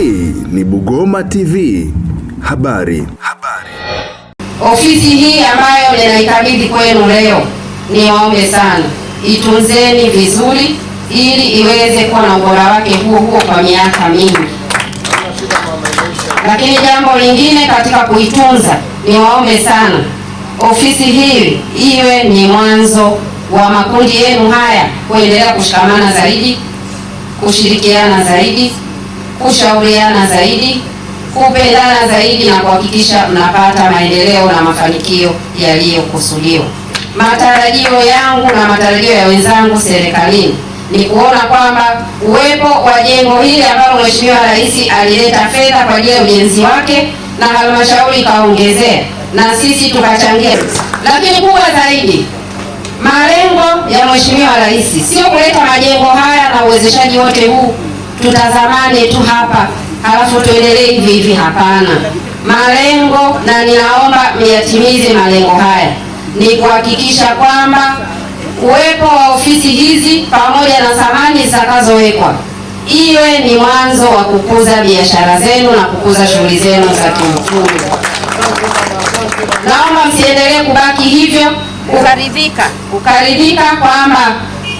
Hii ni Bugoma TV. Habari. Habari. Ofisi hii ambayo ninaikabidhi kwenu leo, ni waombe sana itunzeni vizuri ili iweze kuwa na ubora wake huo huo kwa miaka mingi. Lakini jambo lingine katika kuitunza, ni waombe sana ofisi hii iwe ni mwanzo wa makundi yenu haya kuendelea kushikamana zaidi, kushirikiana zaidi kushauriana zaidi, kupendana zaidi na kuhakikisha mnapata maendeleo na mafanikio yaliyokusudiwa. Matarajio yangu na matarajio ya wenzangu serikalini ni kuona kwamba uwepo wa jengo hili ambalo Mheshimiwa Rais alileta fedha kwa ajili ya ujenzi wake na halmashauri ikaongezea na sisi tukachangia, lakini kubwa zaidi malengo ya Mheshimiwa Rais sio kuleta majengo haya na uwezeshaji wote huu tutazamane tu hapa halafu tuendelee hivi hivi, hapana. Malengo na ninaomba myatimize malengo haya ni kuhakikisha kwamba uwepo wa ofisi hizi pamoja na samani zitakazowekwa iwe ni mwanzo wa kukuza biashara zenu na kukuza shughuli zenu za kiuchumi. Naomba msiendelee kubaki hivyo, kukaridhika, kukaridhika kwamba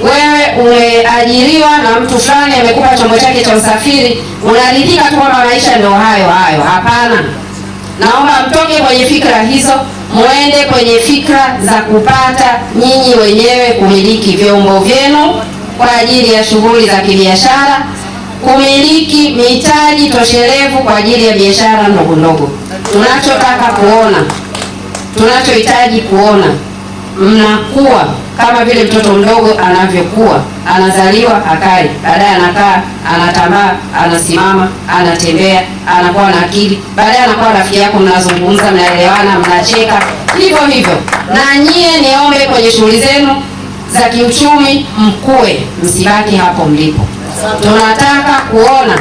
wewe umeajiriwa na mtu fulani amekupa chombo chake cha usafiri, unaridhika tu kwamba maisha ndio hayo hayo. Hapana, naomba mtoke kwenye fikra hizo, muende kwenye fikra za kupata nyinyi wenyewe kumiliki vyombo vyenu kwa ajili ya shughuli za kibiashara, kumiliki mitaji toshelevu kwa ajili ya biashara ndogo ndogo. Tunachotaka kuona, tunachohitaji kuona mnakuwa kama vile mtoto mdogo anavyokuwa, anazaliwa akali, baadaye anakaa, anatambaa, anasimama, anatembea, anakuwa na akili, baadaye anakuwa rafiki yako, mnazungumza, mnaelewana, mnacheka, hivyo hivyo. Na nyie niombe kwenye shughuli zenu za kiuchumi, mkue, msibaki hapo mlipo. Tunataka kuona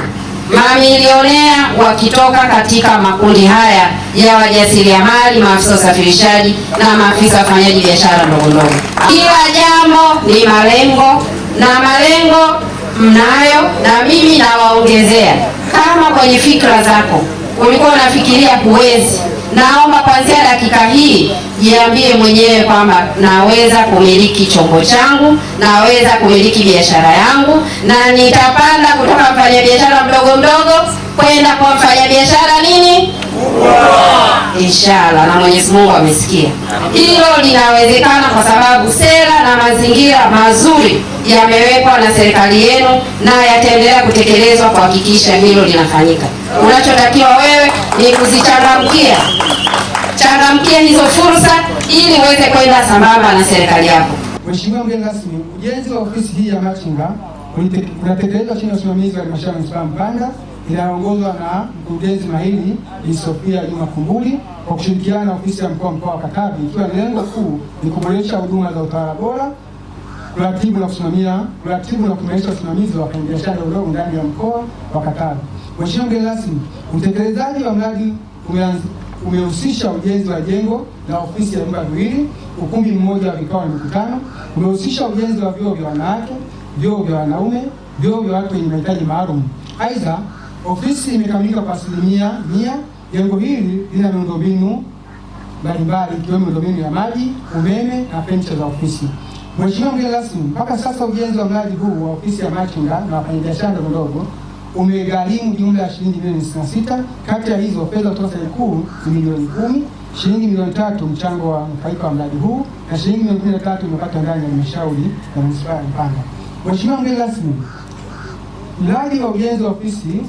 Mamilionea wakitoka katika makundi haya ya wajasiriamali, maafisa usafirishaji na maafisa wafanyaji biashara ndogondogo. Kila jambo ni malengo na malengo mnayo, na mimi nawaongezea, kama kwenye fikra zako ulikuwa unafikiria huwezi Naomba kuanzia dakika hii jiambie mwenyewe kwamba naweza kumiliki chombo changu, naweza kumiliki biashara yangu, na nitapanda kutoka mfanyabiashara mdogo mdogo kwenda kwa mfanyabiashara ishara na Mwenyezi Mungu amesikia. Hilo linawezekana kwa sababu sera na mazingira mazuri yamewekwa na serikali yenu na yataendelea kutekelezwa kuhakikisha hilo linafanyika. Unachotakiwa wewe ni kuzichangamkia, changamkia hizo fursa ili uweze kwenda sambamba na serikali yako. Mheshimiwa mgeni rasmi, ujenzi wa ofisi hii ya machinga unatekelezwa chini ya usimamizi wa halmashauri ya manispaa Mpanda inayoongozwa na mkurugenzi mahiri ni Sofia Juma Kumbuli kwa kushirikiana na ofisi ya mkoa mkoa wa Katavi, ikiwa lengo kuu ni kuboresha huduma za utawala bora, kuratibu na kusimamia, kuratibu na kuimarisha usimamizi wa wafanyabiashara udogo ndani ya mkoa wa Katavi. Mheshimiwa mgeni rasmi, utekelezaji wa mradi umehusisha ujenzi wa jengo la ofisi ya vyumba viwili, ukumbi mmoja wa vikao na mikutano, umehusisha ujenzi wa vyoo vya wanawake, vyoo vya wanaume, vyoo vya watu wenye mahitaji maalum. Aidha, Ofisi imekamilika kwa asilimia mia. Jengo hili lina miundombinu mbalimbali ikiwemo miundombinu ya maji, umeme na fenicha za ofisi. Mheshimiwa mgeni rasmi, mpaka sasa ujenzi wa mradi huu wa ofisi ya machinga na wafanyabiashara ndogo ndogo umegharimu jumla ya shilingi milioni 66. Kati ya hizo fedha kutoka serikali kuu ni milioni kumi, shilingi milioni tatu mchango wa mnufaika wa mradi huu na shilingi milioni kumi na tatu imepata ndani ya halmashauri ya manispaa ya Mpanda. Mheshimiwa mgeni rasmi, mradi wa ujenzi wa ofisi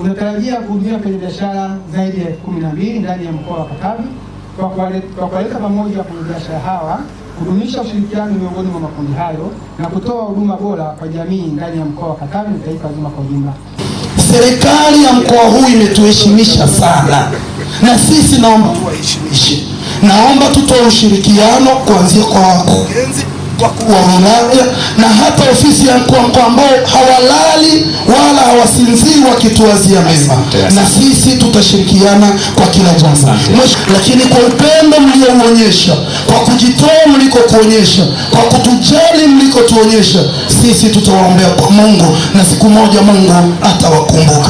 unatarajia kuhudumia wafanyabiashara zaidi ya elfu kumi na mbili ndani ya mkoa wa Katavi kwa kuwaleta pamoja wafanyabiashara hawa, kudumisha ushirikiano miongoni mwa makundi hayo na kutoa huduma bora kwa jamii ndani ya mkoa wa Katavi na taifa zima kwa ujumla. Serikali ya mkoa huu imetuheshimisha sana, na sisi naomba tuwaheshimishe. Naomba tutoe ushirikiano kuanzia kwa wakurugenzi wakuu wa wilaya na hata ofisi ya mkuu wa mkoa ambao hawalali wala hawasinzii wakituazia mema, na sisi tutashirikiana kwa kila jambo. Lakini kwa upendo mliouonyesha, kwa kujitoa mlikokuonyesha, kwa kutujali mlikotuonyesha, sisi tutawaombea kwa Mungu na siku moja Mungu atawakumbuka.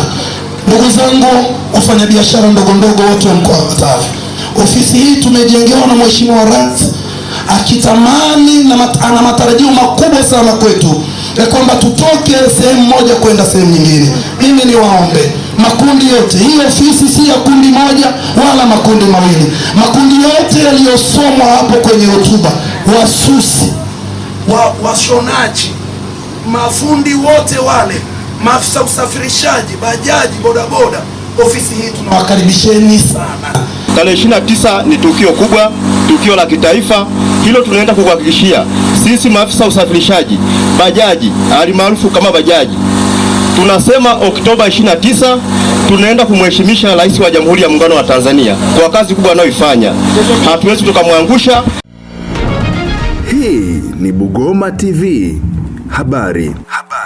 Ndugu zangu, wafanyabiashara ndogo ndogo wote wa mkoa wa Katavi, ofisi hii tumejengewa na Mheshimiwa Rais akitamani na mat, ana matarajio makubwa sana kwetu ya kwamba tutoke sehemu moja kwenda sehemu nyingine. Mimi niwaombe makundi yote, hii ofisi si ya kundi moja wala makundi mawili. Makundi yote yaliyosomwa hapo kwenye hotuba, wasusi wa, washonaji, mafundi wote wale, maafisa usafirishaji, bajaji, bodaboda, ofisi hii tunawakaribisheni sana. Tarehe 29 ni tukio kubwa tukio la kitaifa hilo. Tunaenda kukuhakikishia sisi maafisa usafirishaji bajaji alimaarufu kama bajaji, tunasema Oktoba 29 tunaenda kumheshimisha Rais wa Jamhuri ya Muungano wa Tanzania kwa kazi kubwa anayoifanya, hatuwezi tukamwangusha. Hii ni Bugoma TV habari.